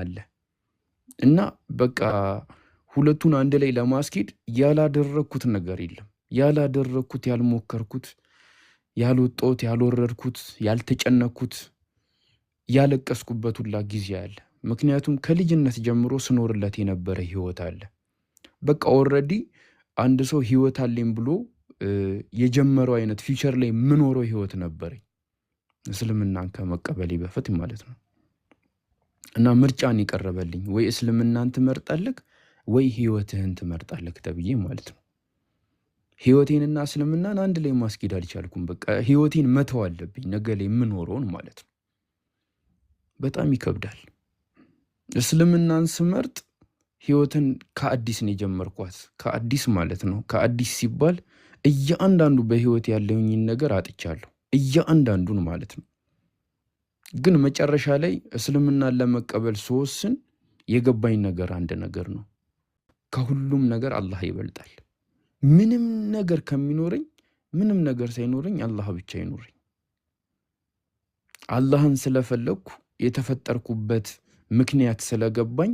አለ እና በቃ ሁለቱን አንድ ላይ ለማስኬድ ያላደረግኩት ነገር የለም። ያላደረግኩት፣ ያልሞከርኩት፣ ያልወጣሁት፣ ያልወረድኩት፣ ያልተጨነኩት፣ ያለቀስኩበት ሁላ ጊዜ አለ። ምክንያቱም ከልጅነት ጀምሮ ስኖርለት የነበረ ህይወት አለ። በቃ ኦልሬዲ አንድ ሰው ህይወት አለኝ ብሎ የጀመረው አይነት ፊውቸር ላይ የምኖረው ህይወት ነበረኝ እስልምናን ከመቀበሌ በፊት ማለት ነው። እና ምርጫን የቀረበልኝ ወይ እስልምናን ትመርጣለህ ወይ ህይወትህን ትመርጣለህ ተብዬ ማለት ነው። ህይወቴንና እስልምናን አንድ ላይ ማስጌድ አልቻልኩም። በቃ ህይወቴን መተው አለብኝ፣ ነገ ላይ የምኖረውን ማለት ነው። በጣም ይከብዳል። እስልምናን ስመርጥ ህይወትን ከአዲስ ነው የጀመርኳት። ከአዲስ ማለት ነው። ከአዲስ ሲባል እያንዳንዱ በህይወት ያለኝን ነገር አጥቻለሁ፣ እያንዳንዱን ማለት ነው። ግን መጨረሻ ላይ እስልምናን ለመቀበል ስወስን የገባኝ ነገር አንድ ነገር ነው። ከሁሉም ነገር አላህ ይበልጣል። ምንም ነገር ከሚኖረኝ ምንም ነገር ሳይኖረኝ አላህ ብቻ ይኖረኝ። አላህን ስለፈለግኩ የተፈጠርኩበት ምክንያት ስለገባኝ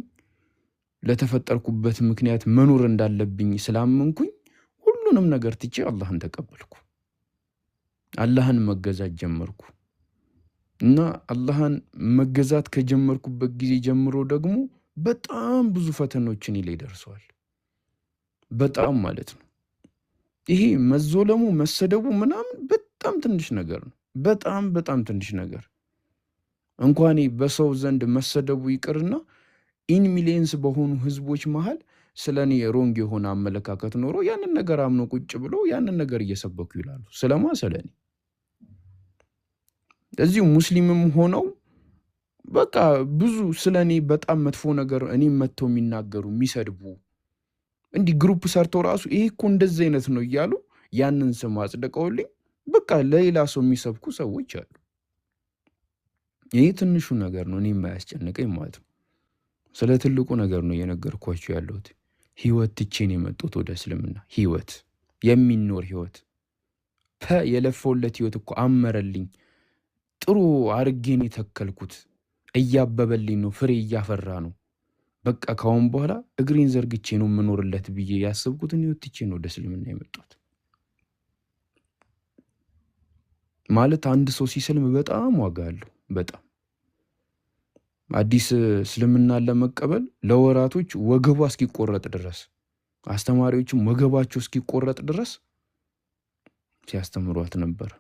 ለተፈጠርኩበት ምክንያት መኖር እንዳለብኝ ስላመንኩኝ ሁሉንም ነገር ትቼ አላህን ተቀበልኩ። አላህን መገዛት ጀመርኩ። እና አላህን መገዛት ከጀመርኩበት ጊዜ ጀምሮ ደግሞ በጣም ብዙ ፈተኖችን ላይ ደርሰዋል። በጣም ማለት ነው። ይሄ መዞለሙ መሰደቡ ምናምን በጣም ትንሽ ነገር ነው። በጣም በጣም ትንሽ ነገር እንኳን በሰው ዘንድ መሰደቡ ይቅርና ኢን ሚሊየንስ በሆኑ ህዝቦች መሀል ስለ እኔ ሮንግ የሆነ አመለካከት ኖሮ ያንን ነገር አምኖ ቁጭ ብሎ ያንን ነገር እየሰበኩ ይላሉ። ስለማ ስለ እኔ እዚሁ ሙስሊምም ሆነው በቃ ብዙ ስለ እኔ በጣም መጥፎ ነገር እኔ መጥተው የሚናገሩ የሚሰድቡ እንዲህ ግሩፕ ሰርተው ራሱ ይሄ እኮ እንደዚህ አይነት ነው እያሉ ያንን ስም አጽድቀውልኝ በቃ ለሌላ ሰው የሚሰብኩ ሰዎች አሉ። ይህ ትንሹ ነገር ነው እኔ የማያስጨንቀኝ ማለት ነው። ስለ ትልቁ ነገር ነው እየነገርኳቸው ያለሁት። ህይወት ትቼን የመጡት ወደ እስልምና ህይወት የሚኖር ህይወት ፐ የለፈውለት ህይወት እኮ አመረልኝ ጥሩ አርጌን የተከልኩት እያበበልኝ ነው፣ ፍሬ እያፈራ ነው። በቃ ካሁን በኋላ እግሬን ዘርግቼ ነው የምኖርለት ብዬ ያሰብኩትን ወጥቼ ነው ወደ እስልምና የመጣሁት። ማለት አንድ ሰው ሲስልም በጣም ዋጋ አለው። በጣም አዲስ እስልምናን ለመቀበል ለወራቶች ወገቧ እስኪቆረጥ ድረስ አስተማሪዎችም ወገባቸው እስኪቆረጥ ድረስ ሲያስተምሯት ነበር።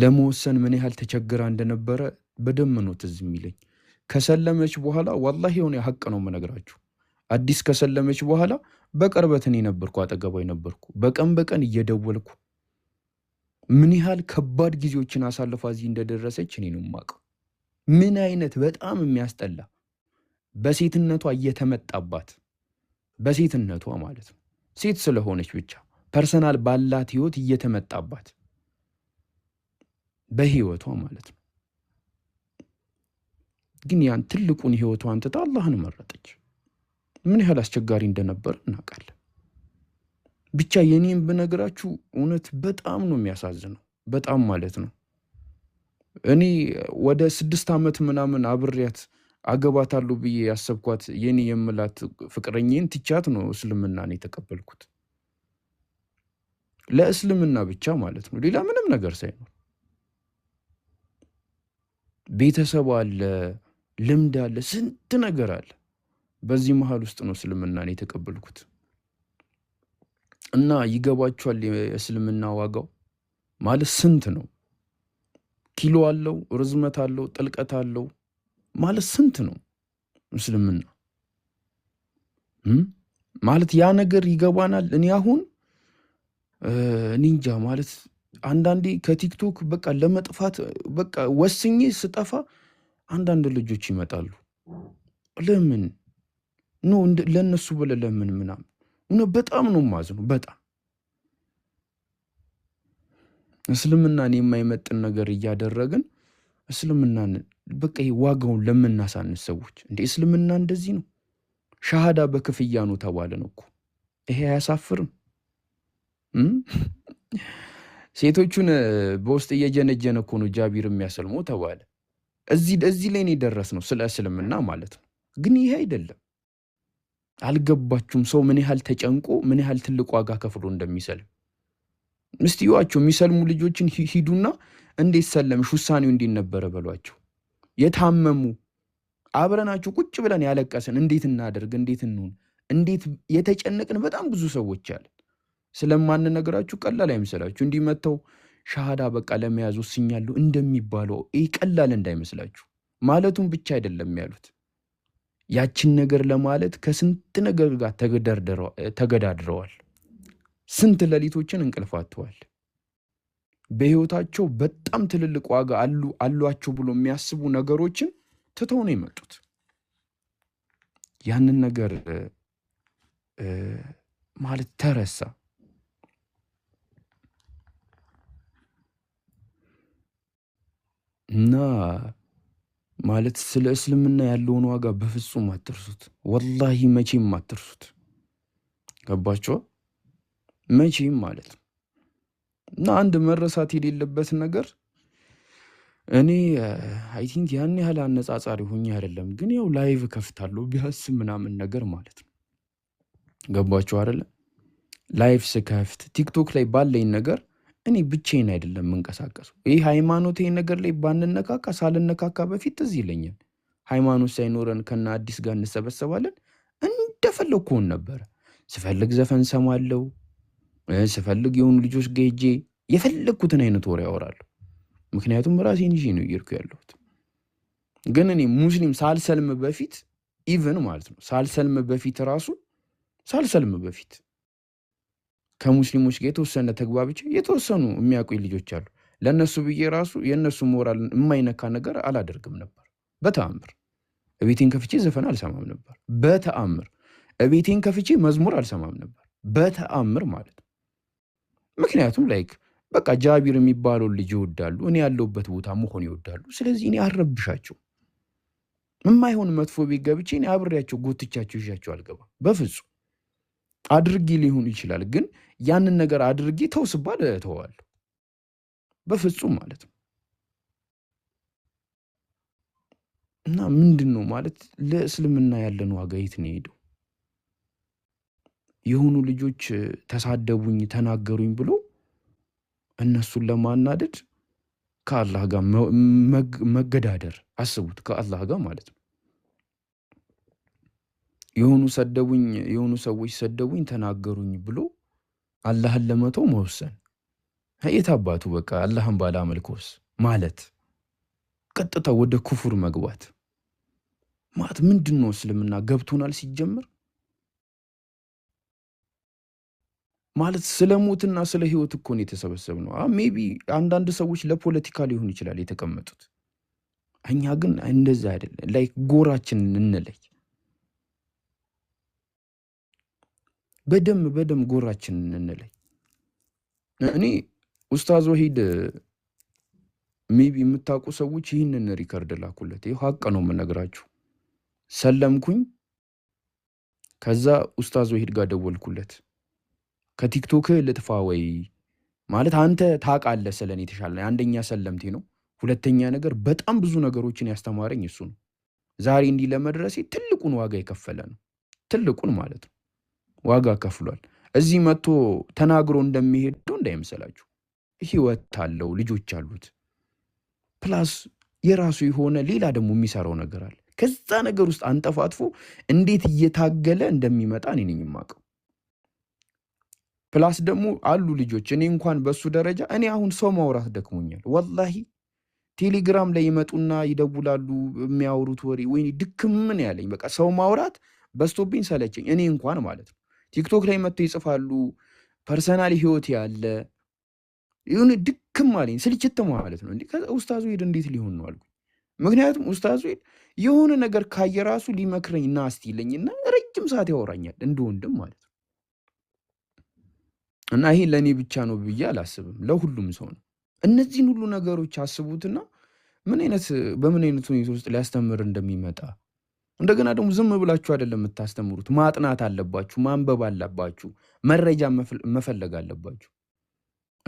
ለመወሰን ምን ያህል ተቸግራ እንደነበረ በደም ነው ትዝ የሚለኝ። ከሰለመች በኋላ ዋላሂ የሆነ ሀቅ ነው የምነግራችሁ። አዲስ ከሰለመች በኋላ በቅርበት እኔ ነበርኩ፣ አጠገቧ ነበርኩ። በቀን በቀን እየደወልኩ ምን ያህል ከባድ ጊዜዎችን አሳልፋ እዚህ እንደደረሰች እኔ ነው የማውቀው። ምን አይነት በጣም የሚያስጠላ በሴትነቷ እየተመጣባት በሴትነቷ ማለት ነው ሴት ስለሆነች ብቻ ፐርሰናል ባላት ህይወት እየተመጣባት በህይወቷ ማለት ነው። ግን ያን ትልቁን ህይወቷን ትታ አላህን መረጠች። ምን ያህል አስቸጋሪ እንደነበረ እናውቃለን። ብቻ የኔም ብነግራችሁ እውነት በጣም ነው የሚያሳዝነው። በጣም ማለት ነው። እኔ ወደ ስድስት ዓመት ምናምን አብሬያት አገባታለሁ ብዬ ያሰብኳት የኔ የምላት ፍቅረኝን ትቻት ነው እስልምናን የተቀበልኩት። ለእስልምና ብቻ ማለት ነው፣ ሌላ ምንም ነገር ሳይኖር ቤተሰብ አለ፣ ልምድ አለ፣ ስንት ነገር አለ። በዚህ መሀል ውስጥ ነው እስልምናን የተቀበልኩት እና ይገባችኋል። የእስልምና ዋጋው ማለት ስንት ነው? ኪሎ አለው፣ ርዝመት አለው፣ ጥልቀት አለው ማለት ስንት ነው? እስልምና ማለት ያ ነገር ይገባናል። እኔ አሁን እኔ እንጃ ማለት አንዳንዴ ከቲክቶክ በቃ ለመጥፋት በቃ ወስኜ ስጠፋ አንዳንድ ልጆች ይመጣሉ። ለምን ኖ ለእነሱ ብለህ ለምን ምናምን እነ በጣም ነው ማዝ በጣም እስልምናን የማይመጥን ነገር እያደረግን እስልምናን በቃ ዋጋውን ለምናሳንስ ሰዎች እንደ እስልምና እንደዚህ ነው። ሻሃዳ በክፍያ ነው ተባለን እኮ ይሄ አያሳፍርም? ሴቶቹን በውስጥ እየጀነጀነ እኮ ነው ጃቢር የሚያሰልሞ ተባለ። እዚህ ላይ የደረስ ነው ስለ እስልምና ማለት ነው። ግን ይሄ አይደለም አልገባችሁም። ሰው ምን ያህል ተጨንቆ ምን ያህል ትልቅ ዋጋ ከፍሎ እንደሚሰልም እስቲ የሚሰልሙ ልጆችን ሂዱና እንዴት ሰለምሽ፣ ውሳኔው እንዴት ነበረ በሏቸው። የታመሙ አብረናቸው ቁጭ ብለን ያለቀስን እንዴት እናደርግ፣ እንዴት እንሁን፣ እንዴት የተጨነቅን በጣም ብዙ ሰዎች አለ ስለማንነግራችሁ ቀላል አይመስላችሁ። እንዲህ መጥተው ሻሃዳ በቃ ለመያዝ ወስኛለሁ እንደሚባለው ይህ ቀላል እንዳይመስላችሁ። ማለቱም ብቻ አይደለም ያሉት ያችን ነገር ለማለት ከስንት ነገር ጋር ተገዳድረዋል። ስንት ሌሊቶችን እንቅልፍ አጥተዋል። በህይወታቸው በጣም ትልልቅ ዋጋ አሉ አሏቸው ብሎ የሚያስቡ ነገሮችን ትተው ነው የመጡት። ያንን ነገር ማለት ተረሳ። እና ማለት ስለ እስልምና ያለውን ዋጋ በፍጹም አትርሱት። ወላሂ መቼም አትርሱት። ገባችኋ? መቼም ማለት ነው። እና አንድ መረሳት የሌለበት ነገር እኔ አይ ቲንክ ያን ያህል አነጻጻሪ ሆኜ አይደለም፣ ግን ያው ላይቭ ከፍታለሁ ቢያስ ምናምን ነገር ማለት ነው። ገባችሁ አይደለም? ላይቭ ስከፍት ቲክቶክ ላይ ባለኝ ነገር እኔ ብቼን አይደለም የምንቀሳቀሱ። ይህ ሃይማኖት ይህ ነገር ላይ ባንነካካ ሳልነካካ በፊት ትዝ ይለኛል። ሃይማኖት ሳይኖረን ከነ አዲስ ጋር እንሰበሰባለን። እንደፈለግ ከሆን ነበረ። ስፈልግ ዘፈን ሰማለው፣ ስፈልግ የሆኑ ልጆች ገጄ የፈለግኩትን አይነት ወሬ ያወራለሁ። ምክንያቱም ራሴን ይዤ ነው እየሄድኩ ያለሁት። ግን እኔ ሙስሊም ሳልሰልም በፊት ኢቨን ማለት ነው ሳልሰልም በፊት ራሱ ሳልሰልም በፊት ከሙስሊሞች ጋር የተወሰነ ተግባብቼ የተወሰኑ የሚያውቁኝ ልጆች አሉ። ለእነሱ ብዬ ራሱ የእነሱ ሞራል የማይነካ ነገር አላደርግም ነበር። በተአምር እቤቴን ከፍቼ ዘፈን አልሰማም ነበር። በተአምር እቤቴን ከፍቼ መዝሙር አልሰማም ነበር። በተአምር ማለት ነው። ምክንያቱም ላይክ በቃ ጃቢር የሚባለውን ልጅ ይወዳሉ፣ እኔ ያለሁበት ቦታ መሆን ይወዳሉ። ስለዚህ እኔ አረብሻቸው የማይሆን መጥፎ ቤት ገብቼ እኔ አብሬያቸው ጎትቻቸው ይዣቸው አልገባም በፍጹም። አድርጌ ሊሆን ይችላል፣ ግን ያንን ነገር አድርጌ ተውስባል ተዋል በፍጹም ማለት ነው እና ምንድን ነው ማለት ለእስልምና ያለን ዋጋ የት ነው የሄደው? የሆኑ ልጆች ተሳደቡኝ፣ ተናገሩኝ ብሎ እነሱን ለማናደድ ከአላህ ጋር መገዳደር አስቡት፣ ከአላህ ጋር ማለት ነው። የሆኑ ሰደቡኝ የሆኑ ሰዎች ሰደቡኝ ተናገሩኝ ብሎ አላህን ለመተው መወሰን የት አባቱ በቃ አላህን ባላመልኮስ ማለት ቀጥታ ወደ ኩፉር መግባት ማለት ምንድን ነው? እስልምና ገብቶናል ሲጀምር ማለት ስለ ሞትና ስለ ህይወት እኮ የተሰበሰብ ነው። ሜቢ አንዳንድ ሰዎች ለፖለቲካ ሊሆን ይችላል የተቀመጡት፣ እኛ ግን እንደዛ አይደለም። ላይ ጎራችን እንለይ በደም በደም ጎራችን እንለይ። እኔ ኡስታዝ ወሂድ ሜቢ የምታውቁ ሰዎች ይህንን ሪከርድ ላኩለት። ይህ ሀቅ ነው የምነግራችሁ። ሰለምኩኝ። ከዛ ኡስታዝ ወሂድ ጋር ደወልኩለት። ከቲክቶክ ልጥፋ ወይ ማለት አንተ ታውቃለህ ስለኔ የተሻለ አንደኛ ሰለምቴ ነው። ሁለተኛ ነገር በጣም ብዙ ነገሮችን ያስተማረኝ እሱ ነው። ዛሬ እንዲህ ለመድረሴ ትልቁን ዋጋ የከፈለ ነው። ትልቁን ማለት ነው። ዋጋ ከፍሏል። እዚህ መጥቶ ተናግሮ እንደሚሄዱ እንዳይመስላችሁ። ህይወት አለው፣ ልጆች አሉት። ፕላስ የራሱ የሆነ ሌላ ደግሞ የሚሰራው ነገር አለ። ከዛ ነገር ውስጥ አንጠፋጥፎ እንዴት እየታገለ እንደሚመጣ እኔ ነኝ የማውቀው። ፕላስ ደግሞ አሉ ልጆች። እኔ እንኳን በሱ ደረጃ እኔ አሁን ሰው ማውራት ደክሞኛል ወላሂ። ቴሌግራም ላይ ይመጡና ይደውላሉ። የሚያወሩት ወሬ ወይ ድክምን ያለኝ በቃ ሰው ማውራት በስቶብኝ ሰለቸኝ። እኔ እንኳን ማለት ነው ቲክቶክ ላይ መጥተው ይጽፋሉ። ፐርሰናል ህይወት ያለ ይሁን ድክም አለኝ ስልችት ማለት ነው። ከዛ ሄድ እንዴት ሊሆን ነው አልኩ። ምክንያቱም ኡስታዝ ሄድ የሆነ ነገር ካየ ራሱ ሊመክረኝ ና እስቲ ይለኝና ረጅም ሰዓት ያወራኛል እንደ ወንድም ማለት ነው። እና ይሄ ለእኔ ብቻ ነው ብዬ አላስብም፣ ለሁሉም ሰው ነው። እነዚህን ሁሉ ነገሮች አስቡትና ምን አይነት በምን አይነት ሁኔታ ውስጥ ሊያስተምር እንደሚመጣ እንደገና ደግሞ ዝም ብላችሁ አይደለም የምታስተምሩት። ማጥናት አለባችሁ፣ ማንበብ አለባችሁ፣ መረጃ መፈለግ አለባችሁ።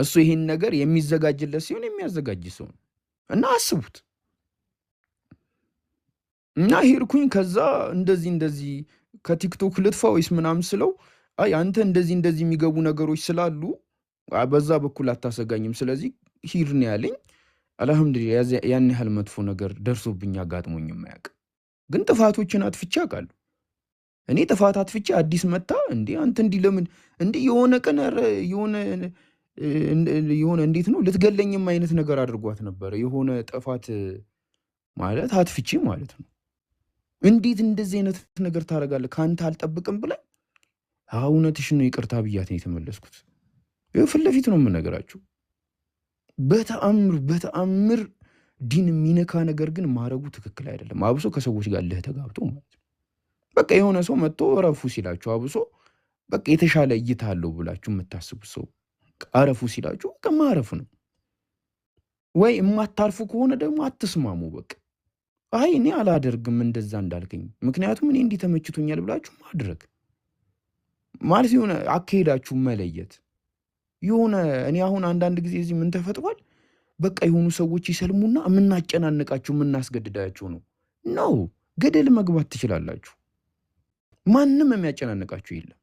እሱ ይህን ነገር የሚዘጋጅለት ሲሆን የሚያዘጋጅ ሰው ነው እና አስቡት እና ሄድኩኝ። ከዛ እንደዚህ እንደዚህ ከቲክቶክ ልጥፋ ወይስ ምናምን ስለው አይ አንተ እንደዚህ እንደዚህ የሚገቡ ነገሮች ስላሉ በዛ በኩል አታሰጋኝም፣ ስለዚህ ሂድ ነው ያለኝ። አልሐምዱሊላህ ያን ያህል መጥፎ ነገር ደርሶብኝ አጋጥሞኝ የማያውቅ ግን ጥፋቶችን አጥፍቼ አውቃለሁ። እኔ ጥፋት አጥፍቼ አዲስ መታ እንዲ አንተ እንዲህ ለምን እንዲህ የሆነ ቀን የሆነ የሆነ እንዴት ነው ልትገለኝም አይነት ነገር አድርጓት ነበረ። የሆነ ጥፋት ማለት አትፍቼ ማለት ነው። እንዴት እንደዚህ አይነት ነገር ታደርጋለህ? ከአንተ አልጠብቅም ብለን እውነትሽ ነው ይቅርታ ብያት የተመለስኩት። ፊት ለፊት ነው የምነግራችሁ። በተአምር በተአምር ዲን የሚነካ ነገር ግን ማድረጉ ትክክል አይደለም። አብሶ ከሰዎች ጋር ልህ ተጋብቶ ማለት ነው። በቃ የሆነ ሰው መጥቶ እረፉ ሲላችሁ አብሶ በቃ የተሻለ እይታ አለው ብላችሁ የምታስቡት ሰው አረፉ ሲላችሁ በቃ ማረፍ ነው። ወይ የማታርፉ ከሆነ ደግሞ አትስማሙ። በቃ አይ እኔ አላደርግም እንደዛ እንዳልከኝ፣ ምክንያቱም እኔ እንዲህ ተመችቶኛል ብላችሁ ማድረግ ማለት የሆነ አካሄዳችሁ መለየት የሆነ እኔ አሁን አንዳንድ ጊዜ እዚህ ምን ተፈጥሯል በቃ የሆኑ ሰዎች ይሰልሙና የምናጨናንቃችሁ የምናስገድዳችሁ ነው ነው። ገደል መግባት ትችላላችሁ። ማንም የሚያጨናንቃችሁ የለም።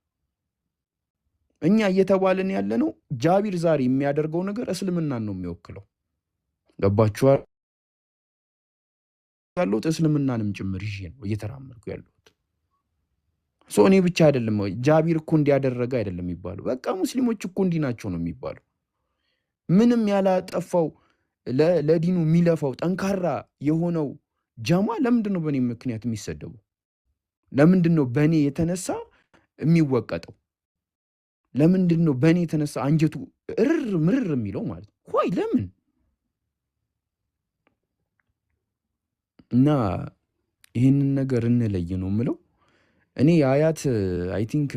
እኛ እየተባልን ያለ ነው ጃቢር ዛሬ የሚያደርገው ነገር እስልምናን ነው የሚወክለው። ገባችኋል? ያለሁት እስልምናንም ጭምር ይዤ ነው እየተራመድኩ ያለሁት። ሶ እኔ ብቻ አይደለም ጃቢር እኮ እንዲያደረገ አይደለም የሚባለው። በቃ ሙስሊሞች እኮ እንዲህ ናቸው ነው የሚባለው። ምንም ያላጠፋው ለዲኑ የሚለፋው ጠንካራ የሆነው ጀማ ለምንድን ነው በእኔ ምክንያት የሚሰደበው? ለምንድን ነው በእኔ የተነሳ የሚወቀጠው? ለምንድን ነው በእኔ የተነሳ አንጀቱ እርር ምርር የሚለው ማለት ነው? ሆይ ለምን እና ይህንን ነገር እንለይ ነው የምለው እኔ የአያት አይ ቲንክ